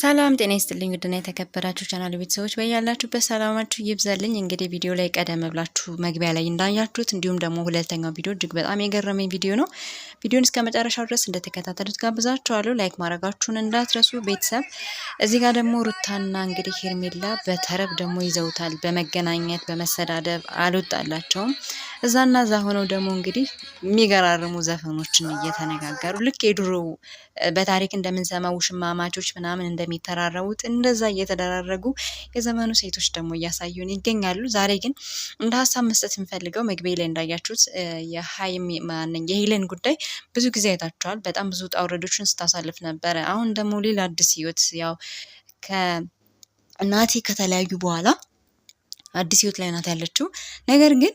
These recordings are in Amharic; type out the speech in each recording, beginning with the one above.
ሰላም ጤና ይስጥልኝ። ውድና የተከበራችሁ ቻናል ቤተሰቦች በያላችሁበት ሰላማችሁ ይብዛልኝ። እንግዲህ ቪዲዮ ላይ ቀደም ብላችሁ መግቢያ ላይ እንዳያችሁት እንዲሁም ደግሞ ሁለተኛው ቪዲዮ እጅግ በጣም የገረመኝ ቪዲዮ ነው። ቪዲዮን እስከ መጨረሻው ድረስ እንደተከታተሉት ጋብዛችኋለሁ። ላይክ ማድረጋችሁን እንዳትረሱ ቤተሰብ። እዚህ ጋር ደግሞ ሩታና እንግዲህ ሄርሜላ በተረብ ደግሞ ይዘውታል። በመገናኘት በመሰዳደብ አልወጣላቸውም። እዛና እዛ ሆነው ደግሞ እንግዲህ የሚገራርሙ ዘፈኖችን እየተነጋገሩ ልክ የድሮ በታሪክ እንደምንሰማው ሽማማቾች ምናምን እንደሚተራረቡት እንደዛ እየተደራረጉ የዘመኑ ሴቶች ደግሞ እያሳዩን ይገኛሉ። ዛሬ ግን እንደ ሀሳብ መስጠት የምፈልገው መግቢያ ላይ እንዳያችሁት የሀይም ማነኝ የሄለን ጉዳይ ብዙ ጊዜ አይታችኋል። በጣም ብዙ ውጣ ውረዶችን ስታሳልፍ ነበረ። አሁን ደግሞ ሌላ አዲስ ህይወት ያው ከናቲ ከተለያዩ በኋላ አዲስ ህይወት ላይ ናት ያለችው። ነገር ግን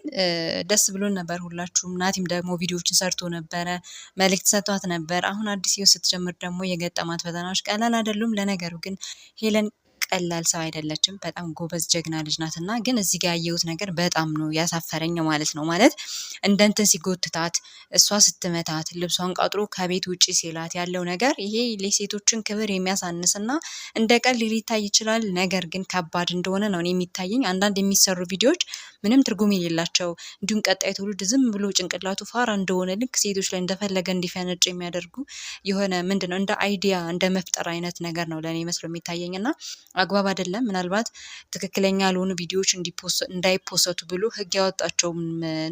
ደስ ብሎን ነበር ሁላችሁም። ናቲም ደግሞ ቪዲዮዎችን ሰርቶ ነበረ፣ መልእክት ሰጥቷት ነበር። አሁን አዲስ ህይወት ስትጀምር ደግሞ የገጠማት ፈተናዎች ቀላል አይደሉም። ለነገሩ ግን ሄለን ቀላል ሰው አይደለችም። በጣም ጎበዝ ጀግና ልጅ ናት እና ግን እዚህ ጋር ያየሁት ነገር በጣም ነው ያሳፈረኝ ማለት ነው። ማለት እንደንትን ሲጎትታት፣ እሷ ስትመታት፣ ልብሷን ቀጥሮ ከቤት ውጭ ሲላት ያለው ነገር ይሄ ለሴቶችን ክብር የሚያሳንስ እና እንደ ቀልድ ሊታይ ይችላል፣ ነገር ግን ከባድ እንደሆነ ነው የሚታየኝ። አንዳንድ የሚሰሩ ቪዲዮዎች ምንም ትርጉም የሌላቸው እንዲሁም ቀጣይ ትውልድ ዝም ብሎ ጭንቅላቱ ፋራ እንደሆነ ልክ ሴቶች ላይ እንደፈለገ እንዲፈነጭ የሚያደርጉ የሆነ ምንድነው እንደ አይዲያ እንደ መፍጠር አይነት ነገር ነው ለእኔ መስሎ የሚታየኝ እና አግባብ አይደለም። ምናልባት ትክክለኛ ያልሆኑ ቪዲዮዎች እንዳይፖሰቱ ብሎ ህግ ያወጣቸውም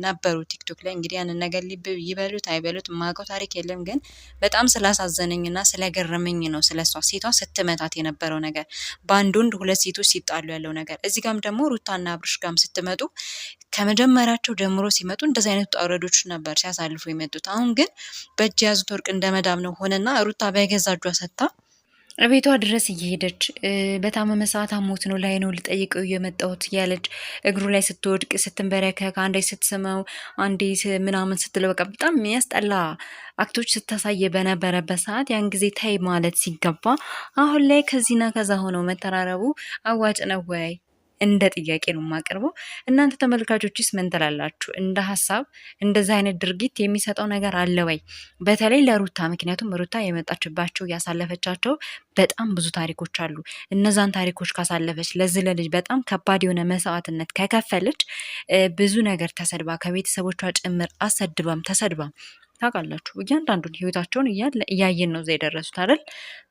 ነበሩ ቲክቶክ ላይ። እንግዲህ ያንን ነገር ልብ ይበሉት አይበሉት የማውቀው ታሪክ የለም፣ ግን በጣም ስላሳዘነኝ እና ስለገረመኝ ነው ስለሷ ሴቷ ስትመታት የነበረው ነገር፣ በአንድ ወንድ ሁለት ሴቶች ሲጣሉ ያለው ነገር። እዚህ ጋም ደግሞ ሩታና አብርሽ ጋም ስትመጡ ከመጀመሪያቸው ጀምሮ ሲመጡ እንደዚ አይነት ውጣ ውረዶች ነበር ሲያሳልፉ የመጡት። አሁን ግን በእጅ የያዙት ወርቅ እንደ መዳብ ነው ሆነና ሩታ በገዛ እጇ ሰጥታ ቤቷ ድረስ እየሄደች በታመመ ሰዓት አሞት ነው ላይ ነው ልጠይቀው የመጣሁት እያለች እግሩ ላይ ስትወድቅ ስትንበረከክ፣ አንዴ ስትስመው፣ አንዴ ምናምን ስትለው በቃ በጣም የሚያስጠላ አክቶች ስታሳየ በነበረበት ሰዓት ያን ጊዜ ታይ ማለት ሲገባ አሁን ላይ ከዚህና ከዛ ሆነው መተራረቡ አዋጭ ነው ወይ? እንደ ጥያቄ ነው የማቀርበው። እናንተ ተመልካቾችስ ምን ትላላችሁ? እንደ ሀሳብ እንደዛ አይነት ድርጊት የሚሰጠው ነገር አለ ወይ? በተለይ ለሩታ ምክንያቱም ሩታ የመጣችባቸው ያሳለፈቻቸው በጣም ብዙ ታሪኮች አሉ። እነዛን ታሪኮች ካሳለፈች ለዚህ ለልጅ በጣም ከባድ የሆነ መስዋዕትነት ከከፈለች ብዙ ነገር ተሰድባ ከቤተሰቦቿ ጭምር አሰድባም ተሰድባም ታውቃላችሁ። እያንዳንዱን ህይወታቸውን እያየን ነው እዛ የደረሱት አይደል?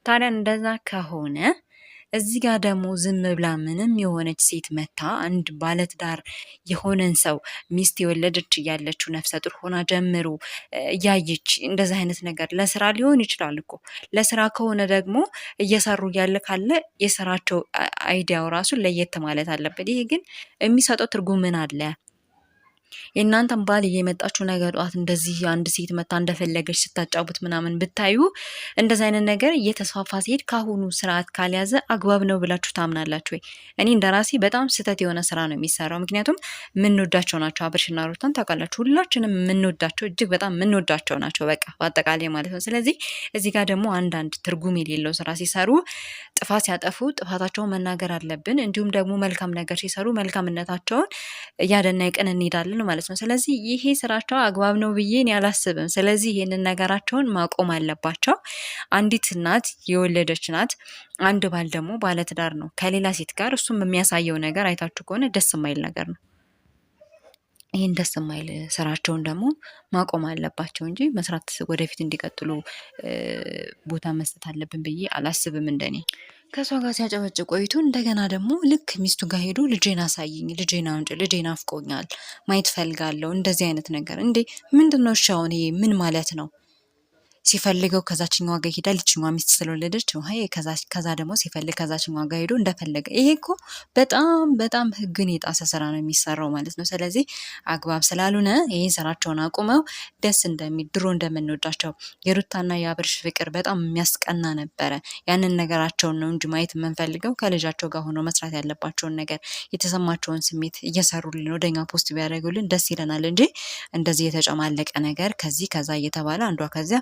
ታዲያ እንደዛ ከሆነ እዚህ ጋር ደግሞ ዝም ብላ ምንም የሆነች ሴት መታ አንድ ባለትዳር የሆነን ሰው ሚስት የወለደች እያለችው ነፍሰ ጡር ሆና ጀምሮ እያየች እንደዚህ አይነት ነገር ለስራ ሊሆን ይችላል እኮ ለስራ ከሆነ ደግሞ እየሰሩ እያለ ካለ የስራቸው አይዲያው ራሱ ለየት ማለት አለበት። ይሄ ግን የሚሰጠው ትርጉም ምን አለ? የእናንተን ባል እየመጣችሁ ነገ ጠዋት እንደዚህ አንድ ሴት መታ እንደፈለገች ስታጫቡት ምናምን ብታዩ እንደዚ አይነት ነገር እየተስፋፋ ሲሄድ ከአሁኑ ስርዓት ካልያዘ አግባብ ነው ብላችሁ ታምናላችሁ ወይ? እኔ እንደ ራሴ በጣም ስህተት የሆነ ስራ ነው የሚሰራው። ምክንያቱም የምንወዳቸው ናቸው። አብርሽና ሩታን ታውቃላችሁ፣ ሁላችንም የምንወዳቸው እጅግ በጣም የምንወዳቸው ናቸው። በቃ በአጠቃላይ ማለት ነው። ስለዚህ እዚህ ጋር ደግሞ አንዳንድ ትርጉም የሌለው ስራ ሲሰሩ፣ ጥፋት ሲያጠፉ ጥፋታቸውን መናገር አለብን። እንዲሁም ደግሞ መልካም ነገር ሲሰሩ መልካምነታቸውን እያደነቅን እንሄዳለን። ይችላሉ ማለት ነው። ስለዚህ ይሄ ስራቸው አግባብ ነው ብዬ እኔ አላስብም። ስለዚህ ይህንን ነገራቸውን ማቆም አለባቸው። አንዲት እናት የወለደች ናት፣ አንድ ባል ደግሞ ባለትዳር ነው ከሌላ ሴት ጋር። እሱም የሚያሳየው ነገር አይታችሁ ከሆነ ደስ የማይል ነገር ነው። ይህን ደስ የማይል ስራቸውን ደግሞ ማቆም አለባቸው እንጂ መስራት ወደፊት እንዲቀጥሉ ቦታ መስጠት አለብን ብዬ አላስብም። እንደኔ ከእሷ ጋር ሲያጨበጭ ቆይቶ እንደገና ደግሞ ልክ ሚስቱ ጋር ሄዶ ልጄን አሳይኝ፣ ልጄን አምጪ፣ ልጄን ናፍቆኛል፣ ማየት ፈልጋለሁ፣ እንደዚህ አይነት ነገር እንዴ! ምንድን ነው? እሺ አሁን ይሄ ምን ማለት ነው? ሲፈልገው ከዛችኛው ጋር ይሄዳል። ይችኛዋ ሚስት ስለወለደች ከዛ ደግሞ ሲፈልግ ከዛችኛዋ ጋር ሄዶ እንደፈለገ። ይሄ እኮ በጣም በጣም ህግን የጣሰ ስራ ነው የሚሰራው ማለት ነው። ስለዚህ አግባብ ስላልሆነ ይህን ስራቸውን አቁመው ደስ እንደሚል ድሮ እንደምንወዳቸው የሩታና የአብርሽ ፍቅር በጣም የሚያስቀና ነበረ። ያንን ነገራቸውን ነው እንጂ ማየት የምንፈልገው ከልጃቸው ጋር ሆኖ መስራት ያለባቸውን ነገር የተሰማቸውን ስሜት እየሰሩልን ወደኛ ፖስት ቢያደርጉልን ደስ ይለናል እንጂ እንደዚህ የተጨማለቀ ነገር ከዚህ ከዛ እየተባለ አንዷ ከዚያ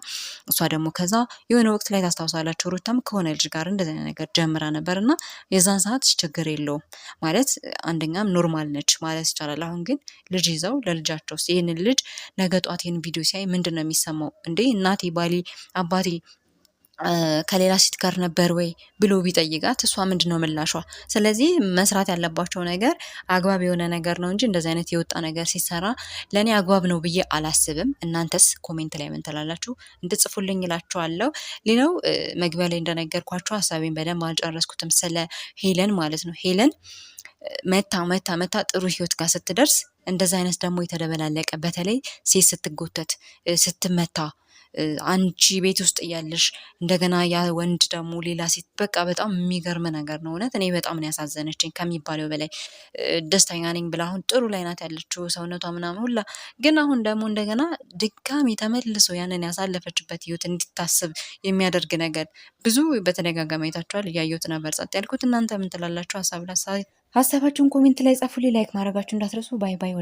እሷ ደግሞ ከዛ የሆነ ወቅት ላይ ታስታውሳላቸው ሩታም ከሆነ ልጅ ጋር እንደዚህ ነገር ጀምራ ነበር እና የዛን ሰዓት ችግር የለውም ማለት አንደኛም ኖርማል ነች ማለት ይቻላል። አሁን ግን ልጅ ይዘው ለልጃቸው ይህንን ልጅ ነገ ጧት ይህን ቪዲዮ ሲያይ ምንድን ነው የሚሰማው? እንዴ እናቴ ባሌ አባቴ ከሌላ ሴት ጋር ነበር ወይ ብሎ ቢጠይቃት እሷ ምንድን ነው ምላሿ? ስለዚህ መስራት ያለባቸው ነገር አግባብ የሆነ ነገር ነው እንጂ እንደዚህ አይነት የወጣ ነገር ሲሰራ ለእኔ አግባብ ነው ብዬ አላስብም። እናንተስ ኮሜንት ላይ ምን ትላላችሁ? እንድጽፉልኝ ይላችኋለሁ። ሌላው መግቢያ ላይ እንደነገርኳቸው ሀሳቤን በደንብ አልጨረስኩትም ስለ ሄለን ማለት ነው። ሄለን መታ መታ መታ ጥሩ ህይወት ጋር ስትደርስ እንደዚህ አይነት ደግሞ የተደበላለቀ በተለይ ሴት ስትጎተት ስትመታ አንቺ ቤት ውስጥ እያለሽ እንደገና ያ ወንድ ደግሞ ሌላ ሴት በቃ በጣም የሚገርም ነገር ነው። እውነት እኔ በጣም ነው ያሳዘነችኝ ከሚባለው በላይ ደስተኛ ነኝ ብላ አሁን ጥሩ ላይ ናት ያለችው ሰውነቷ ምናምን ሁላ፣ ግን አሁን ደግሞ እንደገና ድጋሚ ተመልሶ ያንን ያሳለፈችበት ህይወት እንዲታስብ የሚያደርግ ነገር ብዙ በተደጋጋሚ አይታችኋል። እያየሁት ነበር ጸጥ ያልኩት። እናንተ ምን ትላላችሁ? ሀሳብ ሀሳባችሁን ኮሜንት ላይ ጻፉልኝ። ላይክ ማድረጋችሁ እንዳትረሱ። ባይ ባይ።